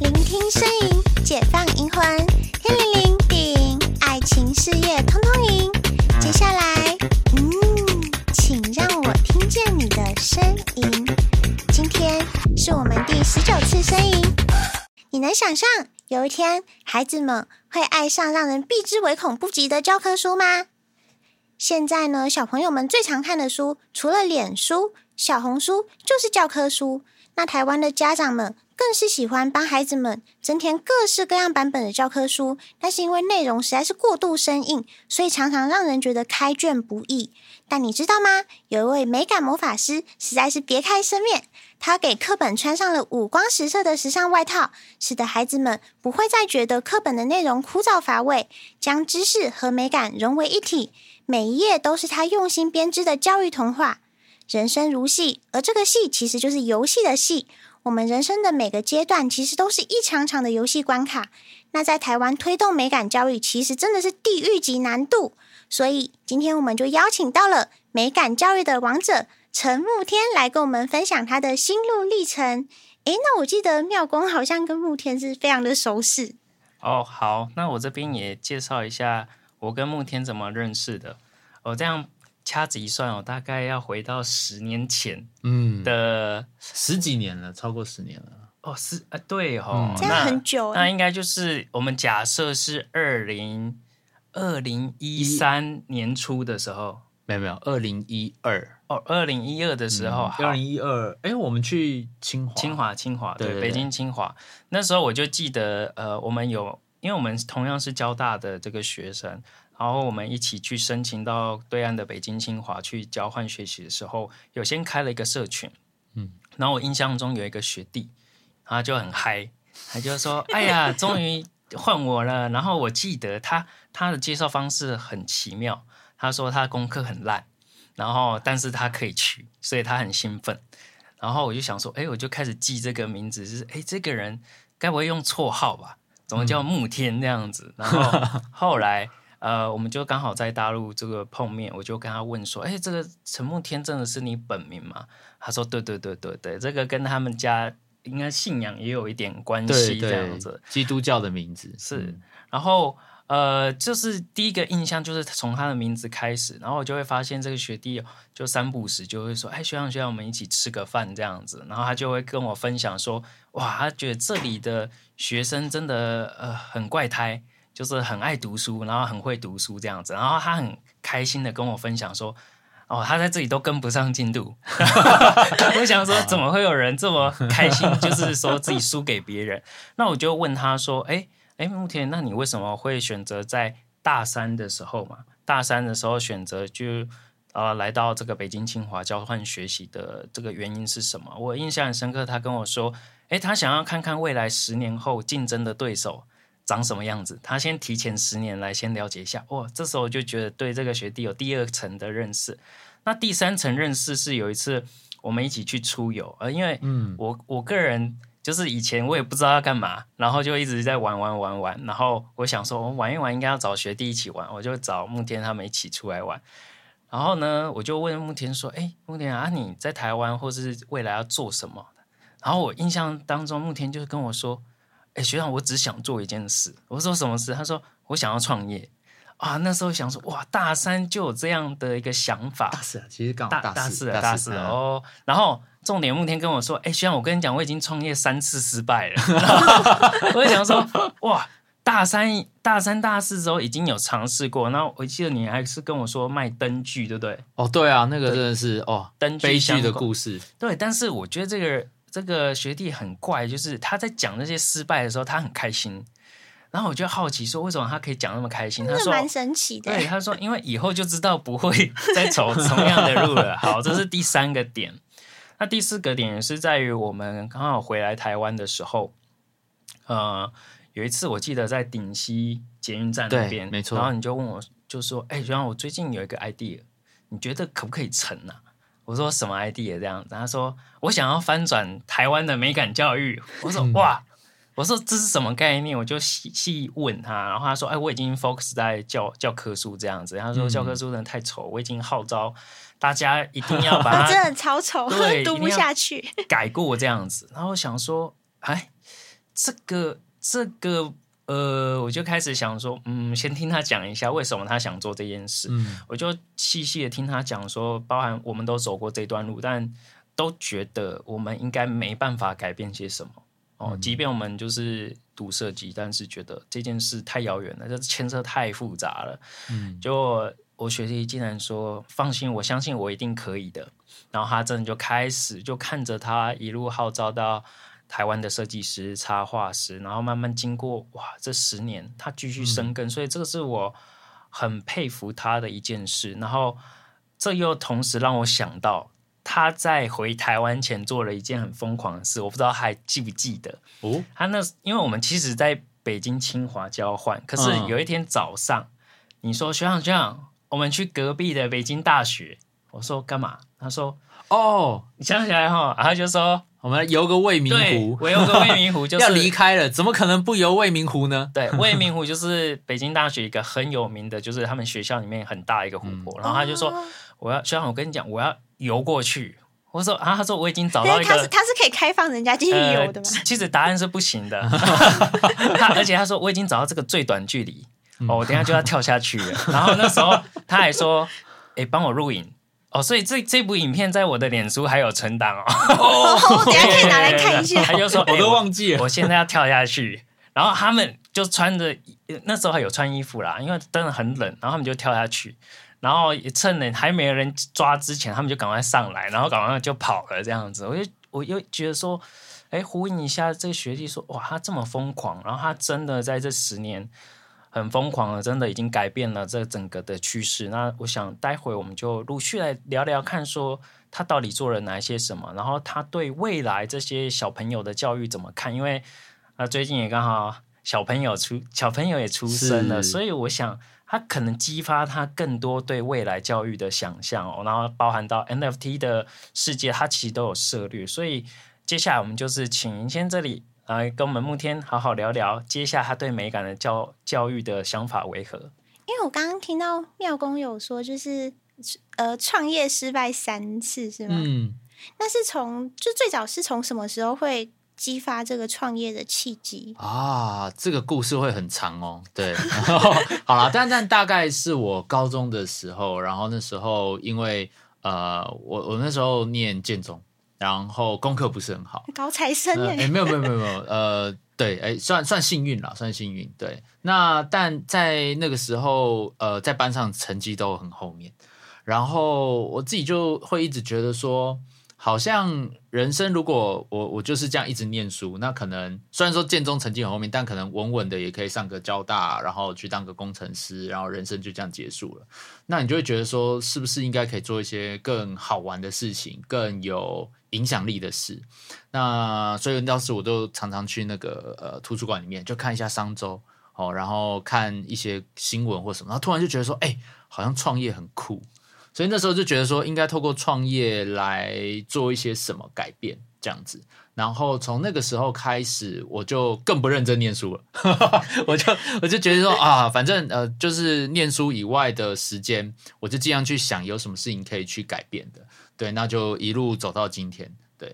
聆聽聲音，解放靈魂，天靈靈，地靈靈，愛情事業通通贏。接下來，嗯，請讓我聽見你的聲音。今天是我們第十九次聲音。你能想象有一天孩子們會愛上讓人避之唯恐不及的教科書嗎？現在呢，小朋友們最常看的書，除了臉書、小紅書，就是教科書。那台灣的家長們更是喜歡幫孩子們增添各式各樣版本的教科書，但是因為內容實在是過度生硬，所以常常讓人覺得開卷不易。但你知道嗎？有一位美感魔法師，實在是別開生面。他給課本穿上了五光十色的時尚外套，使得孩子們不會再覺得課本的內容枯燥乏味，將知識和美感融為一體。每一頁都是他用心編織的教育童話。人生如戲，而這個戲其實就是遊戲的戲。我們人生的每個階段，其實都是一場場的遊戲關卡。那在台灣推動美感教育，其實真的是地獄級難度。所以今天我們就邀請到了美感教育的王者。陳慕天來跟我們分享他的心路歷程。誒，那我記得廟公好像跟慕天是非常的熟識。哦，好，那我這邊也介紹一下我跟慕天怎麼認識的。我、哦、這樣掐指一算，我大概要回到十年前，嗯的十幾年了，超過十年了。哦，十啊，對哦。真的、嗯、那很久。那應該就是我們假設是二零二零一三年初的時候。沒有沒有，二零一二，哦，二零一二的時候，二零一二，哎好，我們去清華，清華，清華，對，對，對，對，北京清華。那時候我就記得，呃，我們有，因為我們同樣是交大的這個學生，然後我們一起去申請到對岸的北京清華去交換學習的時候，有先開了一個社群，嗯，然後我印象中有一個學弟，他就很嗨，他就說：“ 哎呀，終於換我了。”然後我記得他他的介紹方式很奇妙。他說他的功課很爛，然後但是他可以去，所以他很興奮。然後我就想說，哎，我就開始記這個名字，就是哎，這個人該不會用綽號吧？怎麼叫慕天這樣子？嗯、 然後後來呃，我們就剛好在大陸這個碰面，我就跟他問說，哎，這個陳慕天真的是你本名嗎？他說，對對對對對，這個跟他們家應該信仰也有一點關係這樣子。對對，基督教的名字是，嗯、然後。呃，就是第一個印象就是從他的名字開始，然後我就會發現這個學弟就三不時就會說，哎、欸，學長學長，我們一起吃個飯這樣子，然後他就會跟我分享說，哇，他覺得這裡的學生真的呃很怪胎，就是很愛讀書，然後很會讀書這樣子，然後他很開心的跟我分享說，哦，他在這裡都跟不上進度， 我想說怎麼會有人這麼開心，就是說自己輸給別人？那我就問他說，哎、欸。哎，慕天，那你為什麼會選擇在大三的時候嘛？大三的時候選擇就啊來到這個北京清華交換學習的這個原因是什麼？我印象很深刻，他跟我說，哎，他想要看看未來十年後競爭的對手長什麼樣子，他先提前十年來先了解一下。哇，這時候就覺得對這個學弟有第二層的認識。那第三層認識是有一次我們一起去出遊，呃，因為嗯，我我個人。就是以前我也不知道要幹嘛，然後就一直在玩玩玩玩。然後我想說，我玩一玩應該要找學弟一起玩，我就找慕天他們一起出來玩。然後呢，我就問慕天說：“哎，慕天啊，你在台灣或是未來要做什麼？”然後我印象當中，慕天就是跟我說：“哎，學長，我只想做一件事。”我說：“什麼事？”他說：“我想要創業。”啊，那時候想說，哇，大三就有這樣的一個想法。大四啊，其實剛好。大四了，大四了哦。然後。重點，慕天跟我說：“哎、欸，學長，我跟你講，我已經創業三次失敗了。”哈哈哈哈，我就想說，哇，大三、大三、大四之後已經有嘗試過。然後我記得你還是跟我說賣燈具，對不對？哦，對啊，那個真的是對哦，燈具悲劇的故事。對，但是我覺得這個這個學弟很怪，就是他在講那些失敗的時候，他很開心。然後我就好奇說，為什麼他可以講那麼開心？他說蠻神奇的。對、欸，他說因為以後就知道不會再走同樣的路了。好，這是第三個點。那第四個點是在於我們剛好回來台灣的時候，呃，有一次我記得在頂溪捷運站那邊，沒錯，然後你就問我，就說：“哎、欸，學長，我最近有一個 idea，你覺得可不可以成呢、啊？”我說：“什麼 idea？” 這樣子，他說：“我想要翻轉台灣的美感教育。”我說：“哇， 我說這是什麼概念？”我就細細問他，然後他說：“哎、欸，我已經 focus 在教教科書這樣子。”他說：“教科書真的太醜，我已經號召。”大家一定要把它， 真的很超醜，對讀不下去。改過這樣子，然後我想說，哎，這個這個呃，我就開始想說，嗯，先聽他講一下為什麼他想做這件事。嗯，我就細細的聽他講說，包含我們都走過這段路，但都覺得我們應該沒辦法改變些什麼。哦，嗯，即便我們就是讀設計，但是覺得這件事太遙遠了，就是牽涉太複雜了。嗯，結果。我學弟竟然說：“放心，我相信我一定可以的。”然後他真的就開始，就看着他一路號召到台灣的設計師、插畫師，然後慢慢經過，哇，這十年他繼續生根，嗯、所以這個是我很佩服他的一件事。然後這又同時讓我想到，他在回台灣前做了一件很瘋狂的事，我不知道還記不記得哦。他那時因為我們其實在北京清華交換，可是有一天早上，嗯、你說學長學長。我們去隔壁的北京大學，我說幹嘛？他說：“哦，你想起來哈。”他就說：“我們游個未名湖。”我游個未名湖就是、 要離開了，怎麼可能不游未名湖呢？ 對，未名湖就是北京大學一個很有名的，就是他們學校裡面很大一個湖泊。嗯、然後他就說：“我要，雖然我跟你講，我要游過去。”我說：“啊，他說我已經找到一個，是他是他是可以開放人家進去游的嗎、呃？其實答案是不行的， 而且他說我已經找到這個最短距離。”哦，我等下就要跳下去了， 然後那時候他還說：“哎、欸，幫我錄影。”哦，所以這這部影片在我的臉書還有存檔哦。 哦，我等下可以拿來看一下。他就說：“我都忘記了、欸我，我現在要跳下去。”然後他們就穿着那時候還有穿衣服啦，因為真的很冷，然後他們就跳下去，然後趁人還沒人抓之前，他們就趕快上來，然後趕快就跑了這樣子。我又我又覺得說：“哎、欸，呼應一下這個學弟說，哇，他這麼瘋狂，然後他真的在這十年。”很瘋狂的，真的已經改變了這整個的趨勢。那我想待會我們就陸續來聊聊，看說他到底做了哪一些什麼，然後他對未來這些小朋友的教育怎麼看？因為啊，最近也剛好小朋友出，小朋友也出生了，是所以我想他可能激發他更多對未來教育的想象哦。然後包含到 NFT 的世界，他其實都有涉獵。所以接下來我們就是請您先這裡。來跟我們慕天好好聊聊，接下來他對美感的教教育的想法為何？因為我剛剛聽到妙公有說，就是呃，創業失敗三次是嗎？嗯，那是從就最早是從什麼時候會激發這個創業的契機啊？這個故事會很長哦。對， 然後好啦，但但大概是我高中的時候，然後那時候因為呃，我我那時候念建中。然後功課不是很好，高材生哎、呃，沒有沒有沒有沒有，呃，對，哎，算算幸運啦，算幸運，對。那但在那個時候，呃，在班上成績都很後面。然後我自己就會一直覺得說，好像人生如果我我就是這樣一直念書，那可能雖然說建中成績很後面，但可能穩穩的也可以上個交大，然後去當個工程師，然後人生就這樣結束了。那你就會覺得說，是不是應該可以做一些更好玩的事情，更有。影響力的事，那所以當時我都常常去那個呃圖書館裡面，就看一下商周哦，然後看一些新聞或什麼，然後突然就覺得說，哎、欸，好像創業很酷，所以那時候就覺得說，應該透過創業來做一些什麼改變，這樣子。然後從那個時候開始，我就更不認真念書了。 我就我就覺得說啊，反正呃，就是念書以外的時間，我就儘量去想有什麼事情可以去改變的。對，那就一路走到今天。對。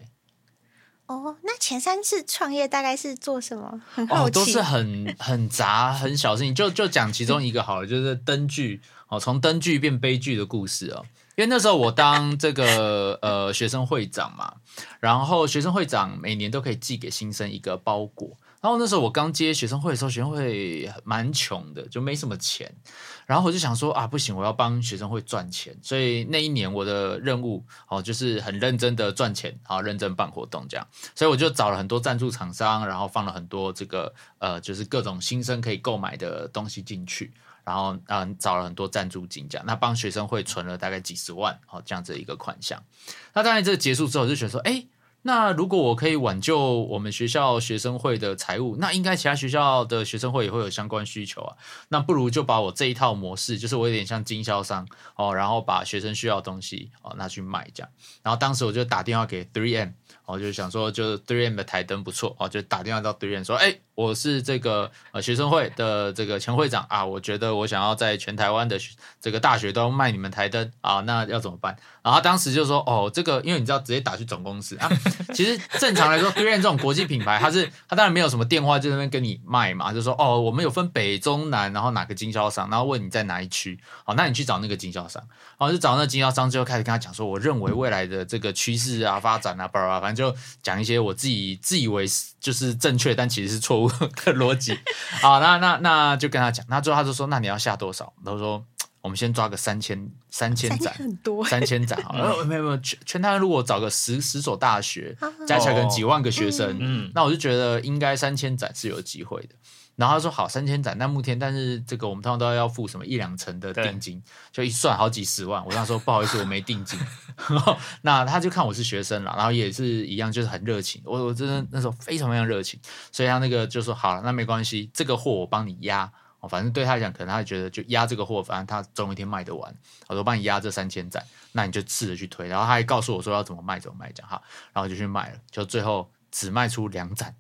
哦，那前三次創業大概是做什麼？很哦，都是很很雜很小事情，就就講其中一個好了，就是燈具哦，從燈具變悲劇的故事哦。因為那時候我當這個呃學生會長嘛，然後學生會長每年都可以寄給新生一個包裹。然後那時候我剛接學生會的時候，學生會蠻窮的，就沒什麼錢。然後我就想說啊，不行，我要幫學生會賺錢。所以那一年我的任務哦就是很認真的賺錢，好、哦、認真辦活動這樣。所以我就找了很多贊助廠商，然後放了很多這個呃就是各種新生可以購買的東西進去。然後，嗯、呃，找了很多贊助金，這樣，那幫學生會存了大概幾十萬哦，這樣子的一個款項。那當然，這個結束之後我就覺得說，誒那如果我可以挽救我們學校學生會的財務，那應該其他學校的學生會也會有相關需求啊。那不如就把我這一套模式，就是我有點像經銷商哦，然後把學生需要的東西哦拿去賣這樣。然後當時我就打電話給 3M，哦，就想說，就是 3M 的台燈不錯哦，就打電話到 3M 說，哎，我是這個呃學生會的這個前會長啊，我覺得我想要在全台灣的這個大學都要賣你們台燈啊，那要怎麼辦？然後當時就說：“哦，這個，因為你知道，直接打去總公司啊。其實正常來說，GUCCI 這種國際品牌，它是它當然沒有什麼電話就在那邊跟你賣嘛，就說哦，我們有分北、中、南，然後哪個經銷商，然後問你在哪一區，好、哦，那你去找那個經銷商，然、哦、後就找那個經銷商，之後開始跟他講說，我認為未來的這個趨勢啊、發展啊，巴拉巴拉，反正就講一些我自己自以為就是正確，但其實是錯誤的邏輯。好、哦，那那那就跟他講，那最後他就說，那你要下多少？他說。”我們先抓個三千三千盞，三千盞好了， 沒有沒有，全台如果找個十十所大學， 加起來跟幾萬個學生，哦嗯、那我就覺得應該三千盞是有機會的。然後他說好三千盞，但慕天，但是這個我們通常都要要付什麼一兩成的定金，對就一算好幾十萬。我當時說不好意思， 我沒定金。然後那他就看我是學生了，然後也是一樣，就是很熱情。我我真的那時候非常非常熱情，所以他那個就說好，了，那沒關係，這個貨我幫你壓。反正對他來講，可能他覺得就壓這個貨，反正他總有一天賣得完。我說我幫你壓這三千盞，那你就試着去推。然後他還告訴我說要怎麼賣，怎麼賣，這樣哈，然後就去賣了，就最後只賣出兩盞，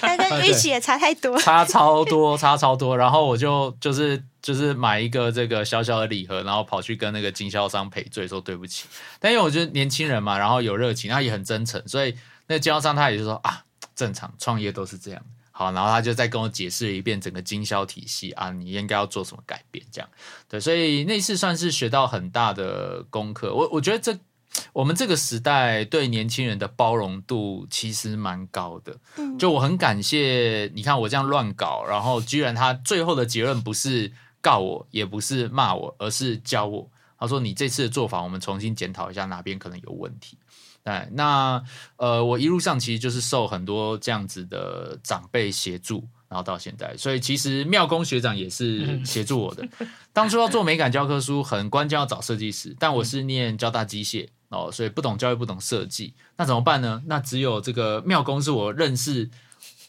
但、哦、跟預期也差太多，差超多，差超多。然後我就就是就是買一個這個小小的禮盒，然後跑去跟那個經銷商賠罪，說對不起。但因為我就是年輕人嘛，然後有熱情，他也很真誠，所以那個經銷商他也就說啊，正常，創業都是這樣的。好，然後他就再跟我解釋了一遍，整個經銷體系啊，你應該要做什麼改變，這樣，對，所以那次算是學到很大的功課。我我覺得這我們這個時代對年輕人的包容度其實蠻高的，就我很感謝你看我這樣亂搞，然後居然他最後的結論不是告我，也不是罵我，而是教我。他說你這次的做法，我們重新檢討一下哪邊可能有問題。對，那呃，我一路上其實就是受很多這樣子的長輩協助，然後到現在，所以其實妙工學長也是協助我的。當初要做美感教科書，很關鍵要找設計師，但我是念交大機械哦，所以不懂教育，不懂設計，那怎麼辦呢？那只有這個妙工是我認識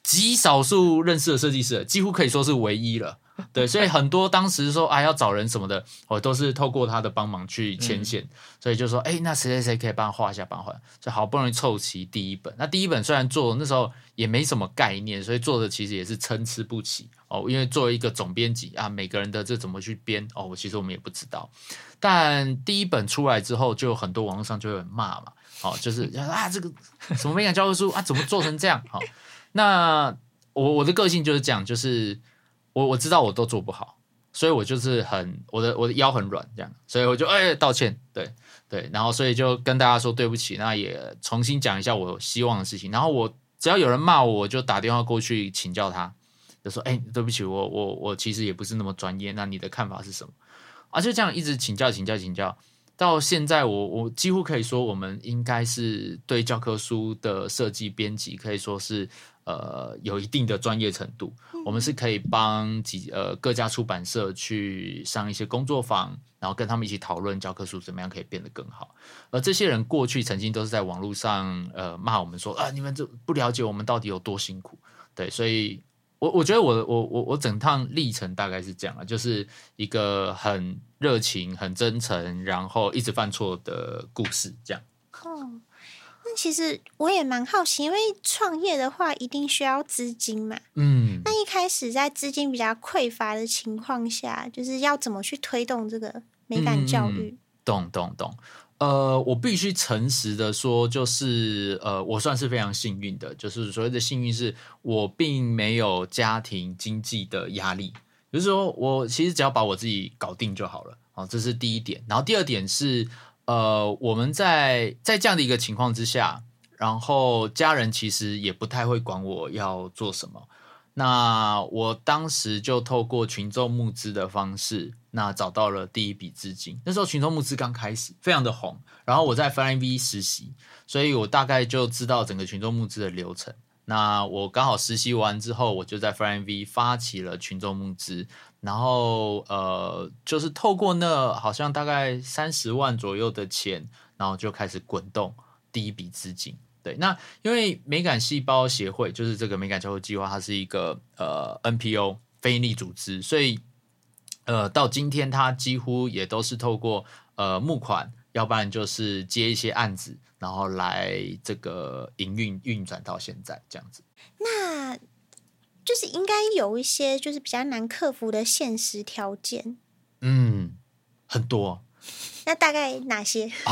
極少數認識的設計師，幾乎可以說是唯一了。 對，所以很多當時說啊，要找人什麼的，我、哦、都是透過他的幫忙去牽線，嗯、所以就說哎，那誰誰誰可以幫我畫一下，幫畫。所以好不容易湊齊第一本，那第一本雖然做那時候也沒什麼概念，所以做的其實也是參差不齊哦。因為作為一個總編輯啊，每個人的這怎麼去編哦，其實我們也不知道。但第一本出來之後，就很多網絡上就會罵嘛，哦，就是啊這個什麼美感教科書啊，怎麼做成這樣？好、哦，那我我的個性就是講就是。我我知道我都做不好，所以我就是很我的我的腰很軟這樣，所以我就欸道歉，對對，然後所以就跟大家說對不起，那也重新講一下我希望的事情，然後我只要有人罵我，我就打電話過去請教他，就說欸對不起，我我我其實也不是那麼專業，那你的看法是什麼？啊就這樣一直請教請教請教。請教到現在我，我我幾乎可以說，我們應該是對教科書的設計編輯，可以說是呃有一定的專業程度。我們是可以幫幾呃各家出版社去上一些工作坊，然後跟他們一起討論教科書怎麼樣可以變得更好。而這些人過去曾經都是在網絡上呃罵我們說啊，你們就不了解我們到底有多辛苦。對，所以我我覺得我我我我整趟歷程大概是這樣啊，就是一個很。熱情很真誠，然後一直犯錯的故事，這樣。哦，那其實我也蠻好奇，因為創業的話一定需要資金嘛。嗯，那一開始在資金比較匱乏的情況下，就是要怎麼去推動這個美感教育？嗯、懂懂懂。呃，我必須誠實的說，就是呃，我算是非常幸運的，就是所謂的幸運是我並沒有家庭經濟的壓力。比如說，我其實只要把我自己搞定就好了，哦，這是第一點。然後第二點是，呃，我們在在這樣的一個情況之下，然後家人其實也不太會管我要做什麼。那我當時就透過群眾募資的方式，那找到了第一筆資金。那時候群眾募資剛開始，非常的紅。然後我在 flyingV 實習，所以我大概就知道整個群眾募資的流程。那我剛好實習完之後，我就在 flyingV 發起了群眾募資，然後呃，就是透過那好像大概三十萬左右的錢，然後就開始滾動第一筆資金。對，那因為美感細胞協會就是這個美感交流計劃，它是一個呃 NPO 非營利組織，所以呃，到今天它幾乎也都是透過呃募款。要不然就是接一些案子，然後來這個營運運轉到現在這樣子。那，就是應該有一些就是比較難克服的現實條件。嗯，很多。那大概哪些？哦，哦，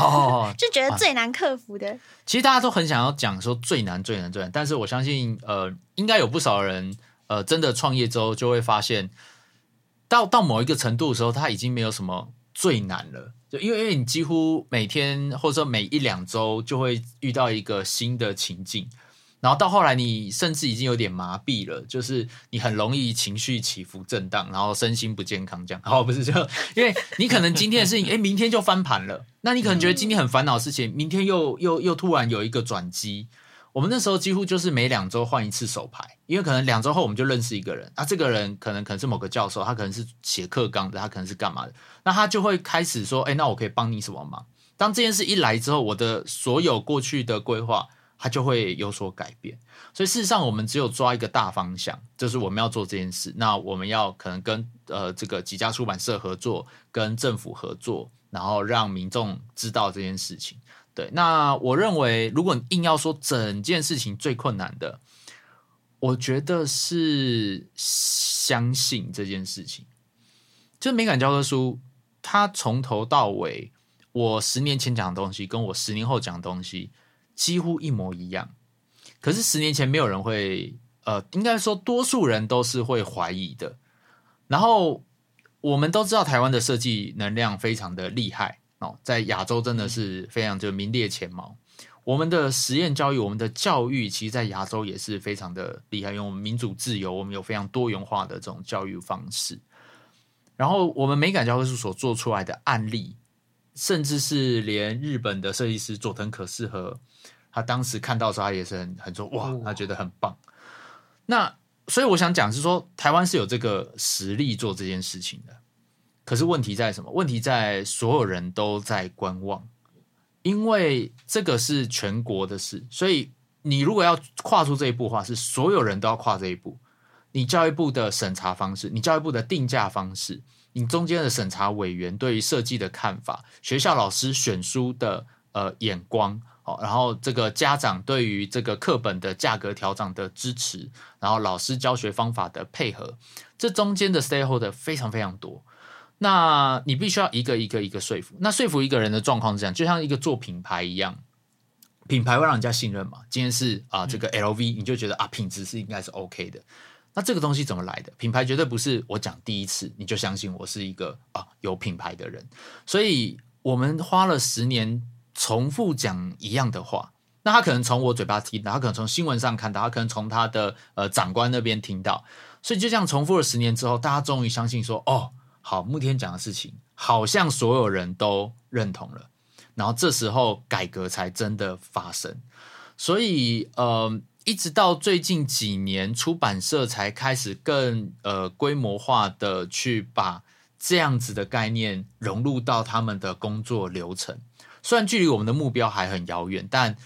哦， 就覺得最難克服的。啊，其實大家都很想要講說最難最難最難，但是我相信呃，應該有不少人呃，真的創業之後就會發現，到到某一個程度的時候，他已經沒有什麼最難了。因為因為你幾乎每天或者說每一兩周就會遇到一個新的情境，然後到後來你甚至已經有點麻痹了，就是你很容易情緒起伏震盪，然後身心不健康這樣。哦，不是這樣，因為你可能今天的事情，哎， 明天就翻盤了，那你可能覺得今天很煩惱的事情，明天又又又突然有一個轉機。我們那時候幾乎就是每兩周換一次手牌，因為可能兩周後我們就認識一個人啊，這個人可能可能是某個教授，他可能是寫課綱的，他可能是幹嘛的，那他就會開始說：“哎，那我可以幫你什麼忙？”當這件事一來之後，我的所有過去的規劃他就會有所改變。所以事實上，我們只有抓一個大方向，就是我們要做這件事。那我們要可能跟呃這個幾家出版社合作，跟政府合作，然後讓民眾知道這件事情。對，那我認為，如果你硬要說整件事情最困難的，我覺得是相信這件事情。就是《美感教科書》，它從頭到尾，我十年前講的東西，跟我十年後講的東西幾乎一模一樣。可是十年前沒有人會，呃，應該說多數人都是會懷疑的。然後我們都知道，台灣的設計能量非常的厲害。哦，在亞洲真的是非常就名列前茅。嗯、我們的實驗教育，我們的教育，其實，在亞洲也是非常的厲害，因為我們民主自由，我們有非常多元化的這種教育方式。然後，我們美感教科書所做出來的案例，甚至是連日本的設計師佐藤可士和，他當時看到的時候，他也是很很說哇，他覺得很棒。哦、那所以我想講是說，台灣是有這個實力做這件事情的。可是問題在什麼？問題在所有人都在觀望，因為這個是全國的事，所以你如果要跨出這一步的話，是所有人都要跨這一步。你教育部的審查方式，你教育部的定價方式，你中間的審查委員對於設計的看法，學校老師選書的呃眼光，哦，然後這個家長對於這個課本的價格調整的支持，然後老師教學方法的配合，這中間的 stakeholder 非常非常多。那你必須要一個一個一個說服，那說服一個人的狀況是這樣，就像一個做品牌一樣，品牌會讓人家信任嘛。今天是啊、呃，這個 L V，你就覺得啊，品質是應該是 OK 的。那這個東西怎麼來的？品牌絕對不是我講第一次你就相信我是一個啊有品牌的人。所以我們花了十年重複講一樣的話，那他可能從我嘴巴聽，他可能從新聞上看到，他可能從他的呃長官那邊聽到。所以就這樣重複了十年之後，大家終於相信說哦。好，慕天講的事情好像所有人都認同了，然後這時候改革才真的發生，所以呃，一直到最近幾年，出版社才開始更呃規模化的去把這樣子的概念融入到他們的工作流程。雖然距離我們的目標還很遙遠，但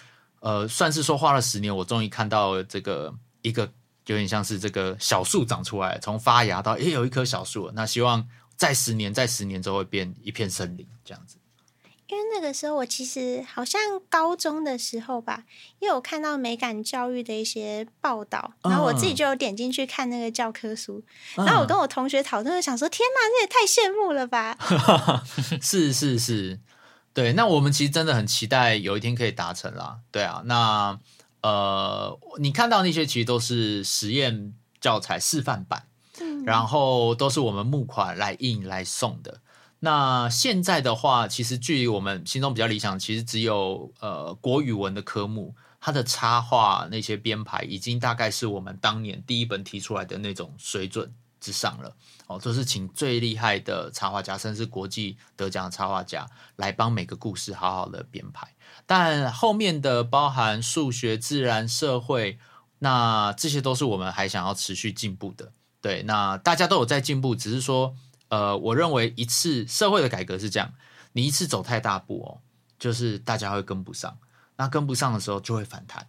呃，算是說花了十年，我終於看到這個一個有點像是這個小樹長出來，從發芽到也有一棵小樹了，那希望。再十年，再十年之後會變一片森林這樣子。因為那個時候，我其實好像高中的時候吧，因為我看到美感教育的一些報道，然後我自己就有點進去看那個教科書，嗯、然後我跟我同學討論，想說：“嗯、天哪，你也太羨慕了吧！” 是是是，對。那我們其實真的很期待有一天可以達成啦。對啊，那呃，你看到那些其實都是實驗教材示範版。然後都是我們募款來印來送的。那現在的話，其實距離我們心中比較理想，其實只有呃國語文的科目，它的插畫那些編排已經大概是我們當年第一本提出來的那種水準之上了。哦，都是請最厲害的插畫家，甚至國際得獎的插畫家來幫每個故事好好的編排。但後面的包含數學、自然、社會，那這些都是我們還想要持續進步的。對，那大家都有在進步，只是說，呃，我認為一次社會的改革是這樣，你一次走太大步哦，就是大家會跟不上，那跟不上的時候就會反彈，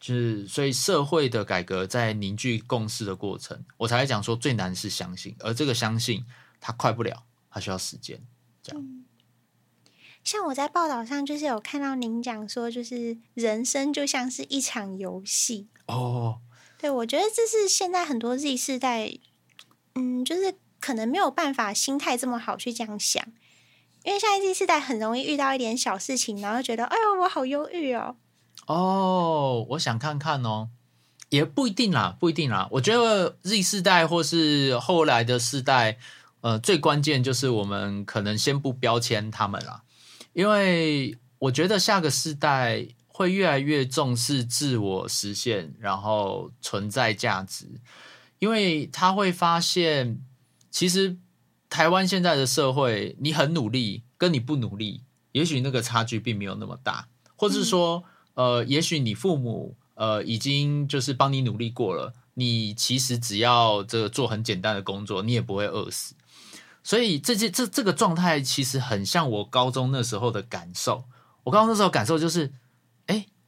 就是所以社會的改革在凝聚共識的過程，我才會講說最難是相信，而這個相信它快不了，它需要時間。這樣。像我在報道上就是有看到您講說，就是人生就像是一場遊戲哦。對，我覺得這是現在很多 Z 世代，嗯，就是可能沒有辦法心態這麼好去這樣想，因為現在 Z 世代很容易遇到一點小事情，然後覺得哎呦，我好憂鬱哦。哦，我想看看哦，也不一定啦，不一定啦。我覺得 Z 世代或是後來的世代，呃，最關鍵就是我們可能先不標籤他們啦，因為我覺得下個世代，會越來越重視自我實現，然後存在價值，因為他會發現，其實台灣現在的社會，你很努力，跟你不努力，也許那個差距並沒有那麼大，或者是說，嗯、呃，也許你父母呃已經就是幫你努力過了，你其實只要這個做很簡單的工作，你也不會餓死。所以這些這這個狀態其實很像我高中那時候的感受。我高中那時候感受就是。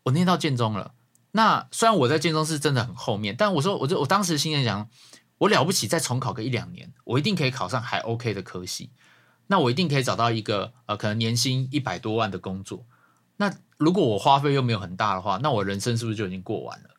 我念到建中了，那雖然我在建中是真的很後面，但我說，我就我當時心裡想，我了不起，再重考個一兩年，我一定可以考上還 OK 的科系，那我一定可以找到一個呃，可能年薪一百多萬的工作。那如果我花費又沒有很大的話，那我人生是不是就已經過完了？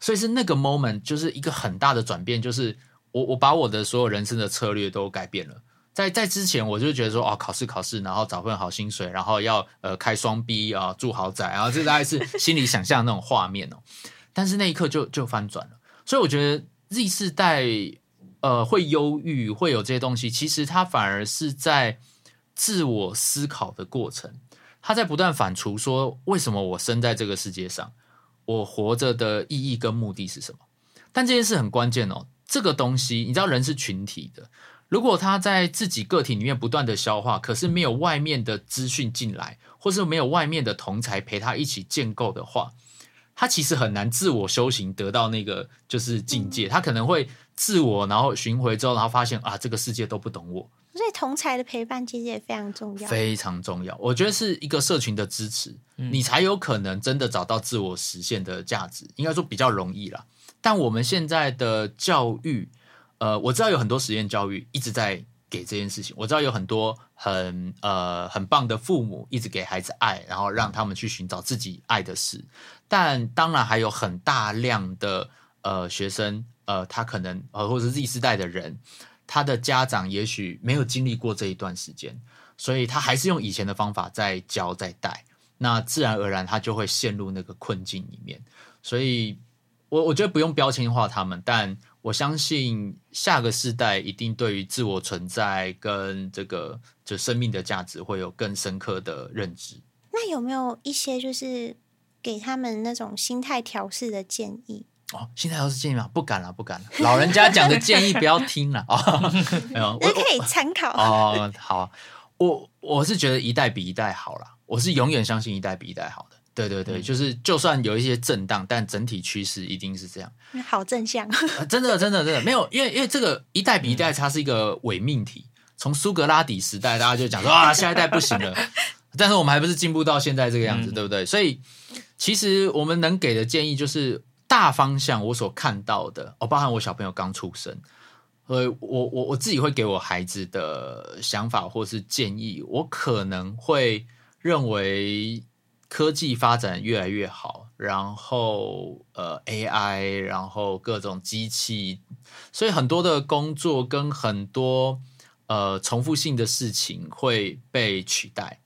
所以是那個 moment 就是一個很大的轉變，就是我我把我的所有人生的策略都改變了。在在之前，我就覺得說哦，考試考試，然後找份好薪水，然後要呃開雙 B 啊，哦，住豪宅，啊，這大概是心裡想象的那種畫面哦。 但是那一刻就就翻轉了，所以我覺得 Z 世代呃會憂鬱，會有這些東西，其實它反而是在自我思考的過程，他在不斷反芻說，為什麼我生在這個世界上，我活着的意義跟目的是什麼？但這件事很關鍵哦，這個東西你知道，人是群體的。如果他在自己個體裡面不斷的消化，可是沒有外面的資訊進來，或是沒有外面的同儕陪他一起建構的話，他其實很難自我修行得到那個就是境界。嗯、他可能會自我然後巡迴之後，然後發現啊，這個世界都不懂我。所以同儕的陪伴其實也非常重要，非常重要。我覺得是一個社群的支持，嗯、你才有可能真的找到自我實現的價值，應該說比較容易啦。但我們現在的教育。呃，我知道有很多實驗教育一直在給這件事情。我知道有很多很呃很棒的父母一直給孩子愛，然後讓他們去尋找自己愛的事。但當然還有很大量的呃學生呃，他可能呃或者是 Z 世代的人，他的家長也許沒有經歷過這一段時間，所以他還是用以前的方法在教在帶。那自然而然他就會陷入那個困境裡面。所以我我覺得不用標籤化他們，但。我相信下個世代一定對於自我存在跟這個就生命的價值會有更深刻的認知。那有沒有一些就是給他們那種心態調適的建議？哦，心態調適建議嗎？不敢了，不敢了。 老人家講的建議不要聽了啊，沒有，可以參考哦。好，我我是覺得一代比一代好啦，我是永遠相信一代比一代好的。對對對，嗯、就是就算有一些震盪，但整體趨勢一定是這樣。好正向，啊、真的真的真的沒有，因為因為這個一代比一代，它是一個偽命題。從嗯、蘇格拉底時代，大家就講說啊，下一代不行了， 但是我們還不是進步到現在這個樣子，嗯、對不對？所以其實我們能給的建議就是大方向。我所看到的，我包含我小朋友剛出生，呃，我我我自己會給我孩子的想法或是建議，我可能會認為。科技發展越來越好，然後呃 AI，然後各種機器，所以很多的工作跟很多呃重複性的事情會被取代，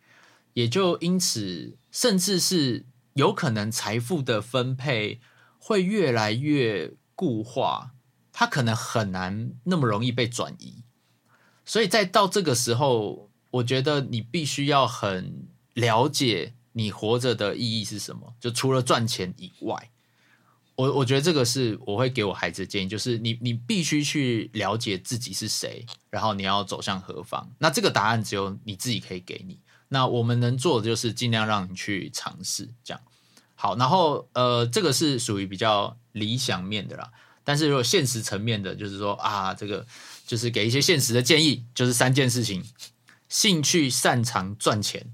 也就因此，甚至是有可能財富的分配會越來越固化，它可能很難那麼容易被轉移。所以在到這個時候，我覺得你必須要很了解。你活着的意義是什麼？就除了賺錢以外，我我覺得這個是我會給我孩子的建議，就是你你必須去了解自己是誰，然後你要走向何方。那這個答案只有你自己可以給你。那我們能做的就是盡量讓你去嘗試，這樣好。然後呃，這個是屬於比較理想面的啦。但是如果現實層面的，就是說啊，這個就是給一些現實的建議，就是三件事情：興趣、擅長、賺錢。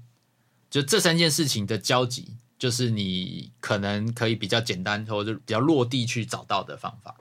就這三件事情的交集，就是你可能可以比較簡單，或者比較落地去找到的方法。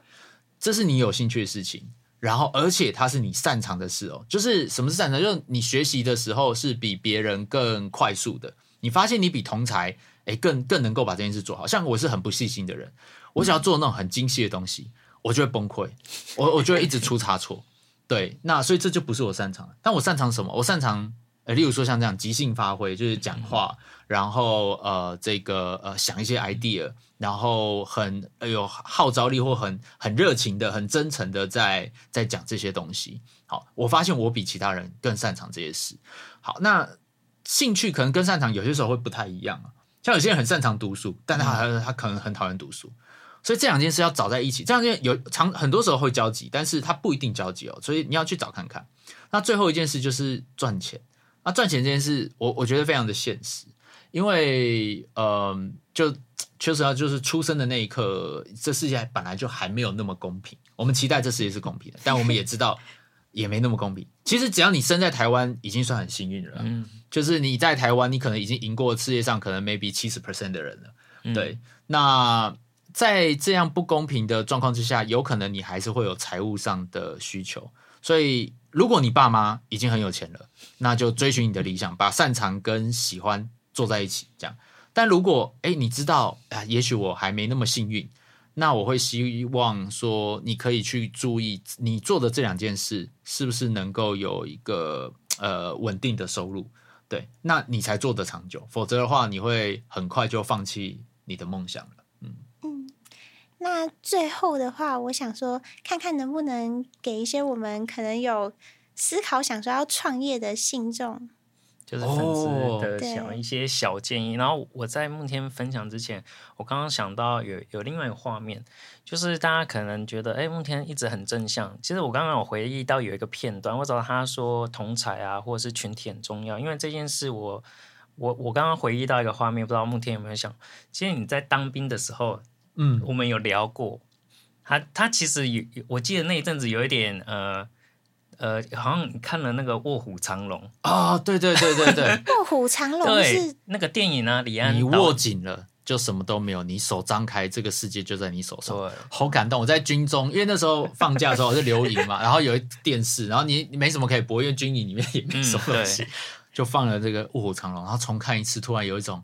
這是你有興趣的事情，然後而且它是你擅長的事哦。就是什麼是擅長？就是你學習的時候是比別人更快速的，你發現你比同儕誒更更能夠把這件事做好。像我是很不細心的人，我想要做那種很精細的東西，我就會崩潰，我我就會一直出差錯。對，那所以這就不是我擅長的。但我擅長什麼？我擅長。呃，例如說像這樣即興發揮，就是講話，嗯、然後呃，這個呃想一些 idea，然後很、呃、有號召力或很很熱情的、很真誠的在在講這些東西。好，我發現我比其他人更擅長這些事。好，那興趣可能跟擅長有些時候會不太一樣，啊、像有些人很擅長讀書，但他、嗯、他可能很討厭讀書，所以這兩件事要找在一起。這兩件事有常很多時候會交集，但是他不一定交集哦。所以你要去找看看。那最後一件事就是賺錢。啊，賺錢這件事，我我覺得非常的現實，因為，嗯、呃，就確實啊，就是出生的那一刻，這世界還本來就還沒有那麼公平。我們期待這世界是公平的，但我們也知道，也沒那麼公平。 其實只要你生在台灣，已經算很幸運了。嗯，就是你在台灣，你可能已經贏過世界上可能 maybe 七十 percent 的人了。對，嗯、那在這樣不公平的狀況之下，有可能你還是會有財務上的需求，所以。如果你爸媽已經很有錢了，那就追尋你的理想，把擅長跟喜歡做在一起。這樣，但如果，哎，你知道啊，也許我還沒那麼幸運，那我會希望說，你可以去注意你做的這兩件事是不是能夠有一個呃穩定的收入，對，那你才做得長久。否則的話，你會很快就放棄你的夢想了。那最後的話，我想說，看看能不能給一些我們可能有思考，想說要創業的信眾，就是粉絲的想、oh, 一些小建議。對然後我在慕天分享之前，我剛剛想到有有另外一個畫面，就是大家可能覺得，誒、欸，慕天一直很正向。其實我剛剛有回憶到有一個片段，我找到他說同儕啊，或者是群體很重要。因為這件事我，我我我剛剛回憶到一個畫面，不知道慕天有沒有想，其實你在當兵的時候。嗯，我們有聊過他，他其實有，我記得那一陣子有一點，呃，呃，好像看了那個長龍《臥虎藏龍》啊，對對對對對， 對《臥虎藏龍》是那個電影呢、啊，李安。你握緊了，就什麼都沒有；你手張開，這個世界就在你手上。對，好感動。我在軍中，因為那時候放假的時候我在留營嘛， 然後有一電視，然後你，你沒什麼可以播，因為軍營裡面也沒什麼東西，嗯、就放了這個《臥虎藏龍》，然後重看一次，突然有一種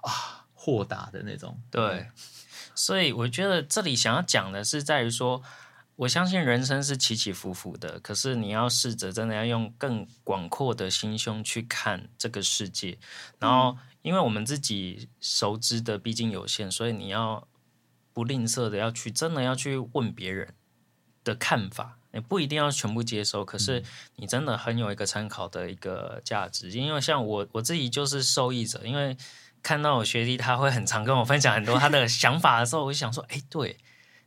啊，豁達的那種。對。對所以我覺得這裡想要講的是，在於說，我相信人生是起起伏伏的。可是你要試着真的要用更廣闊的心胸去看這個世界。然後，因為我們自己熟知的畢竟有限，所以你要不吝嗇的要去真的要去問別人的看法。你不一定要全部接受，可是你真的很有一個參考的一個價值。因為像我我自己就是受益者，因為。看到我學弟，他會很常跟我分享很多他的想法的時候， 我就想說：哎、欸，對，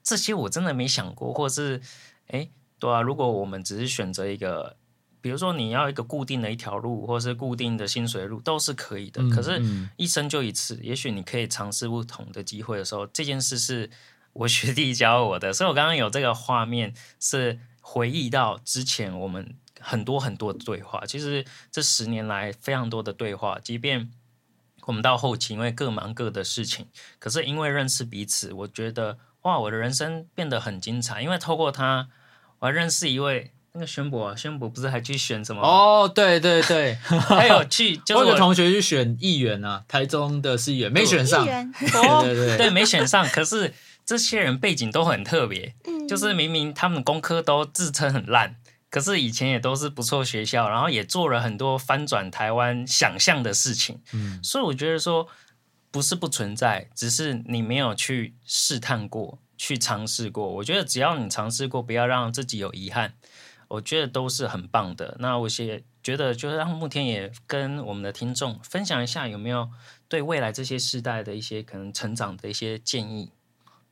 這些我真的沒想過，或是哎、欸，對啊，如果我們只是選擇一個，比如說你要一個固定的一條路，或是固定的薪水路，都是可以的。可是一生就一次，嗯嗯、也許你可以嘗試不同的機會的時候，這件事是我學弟教我的，所以我剛剛有這個畫面，是回憶到之前我們很多很多對話，其實這十年來非常多的對話，即便。我們到後期因為各忙各的事情，可是因為認識彼此，我覺得哇，我的人生變得很精彩，因為透過他，我還認識一位那個宣博、啊，宣博不是還去選什麼？哦，對對對， 還有去，就是、我有同學去選議員啊，台中的是議員對沒選上，議員 對對對， 對，沒選上。可是這些人背景都很特別，嗯、就是明明他們的功課都自稱很爛。可是以前也都是不錯學校，然後也做了很多翻轉台灣想象的事情，嗯，所以我覺得說不是不存在，只是你沒有去試探過，去嘗試過。我覺得只要你嘗試過，不要讓自己有遺憾，我覺得都是很棒的。那我也覺得就是讓慕天也跟我們的聽眾分享一下，有沒有對未來這些世代的一些可能成長的一些建議？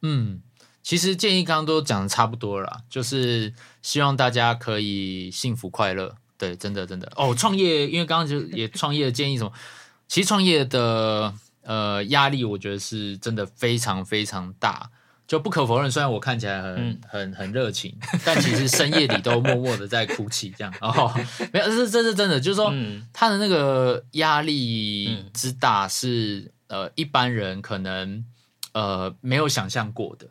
嗯。其實建議剛剛都講的差不多了啦，就是希望大家可以幸福快樂。對，真的真的。哦，創業，因為剛剛就也創業的建議什麼？其實創業的呃壓力，我覺得是真的非常非常大。就不可否認，雖然我看起來很、嗯、很很熱情，但其實深夜裡都默默的在哭泣。這樣，哦，沒有，這這是真的，就是說他的那個壓力之大是呃一般人可能呃沒有想象過的。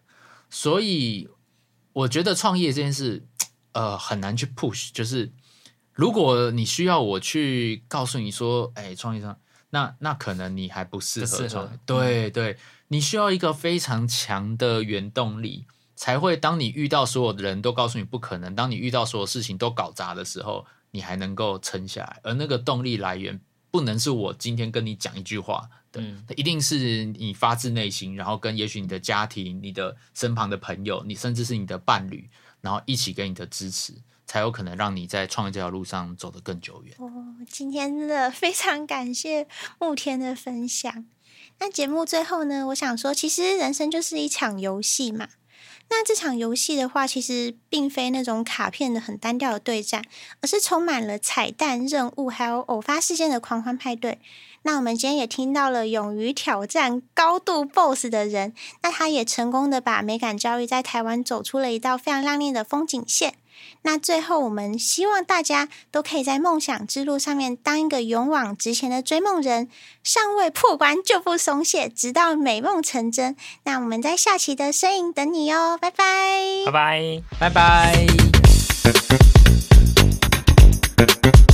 所以，我覺得創業這件事，呃，很難去 push。就是如果你需要我去告訴你說，哎，創業上，那那可能你還不適合創業。這啊、對對，你需要一個非常強的原動力，才會當你遇到所有的人都告訴你不可能，當你遇到所有事情都搞砸的時候，你還能夠撐下來。而那個動力來源，不能是我今天跟你講一句話。嗯，對，一定是你發自內心，然後跟也許你的家庭、你的身旁的朋友，你甚至是你的伴侶，然後一起給你的支持，才有可能讓你在創業這條路上走得更久遠。哦，今天真的非常感謝慕天的分享。那節目最後呢，我想說，其實人生就是一場遊戲嘛。那這場遊戲的話，其實並非那種卡片的很單調的對戰，而是充滿了彩蛋、任務還有偶發事件的狂歡派對。那我們今天也聽到了勇於挑戰高度 BOSS 的人，那他也成功的把美感教育在台灣走出了一道非常亮麗的風景線。那最後，我們希望大家都可以在夢想之路上面當一個勇往直前的追夢人，尚未破關就不鬆懈，直到美夢成真。那我們在下期的聲寅等你哦，拜拜，拜拜，拜拜。嗯嗯嗯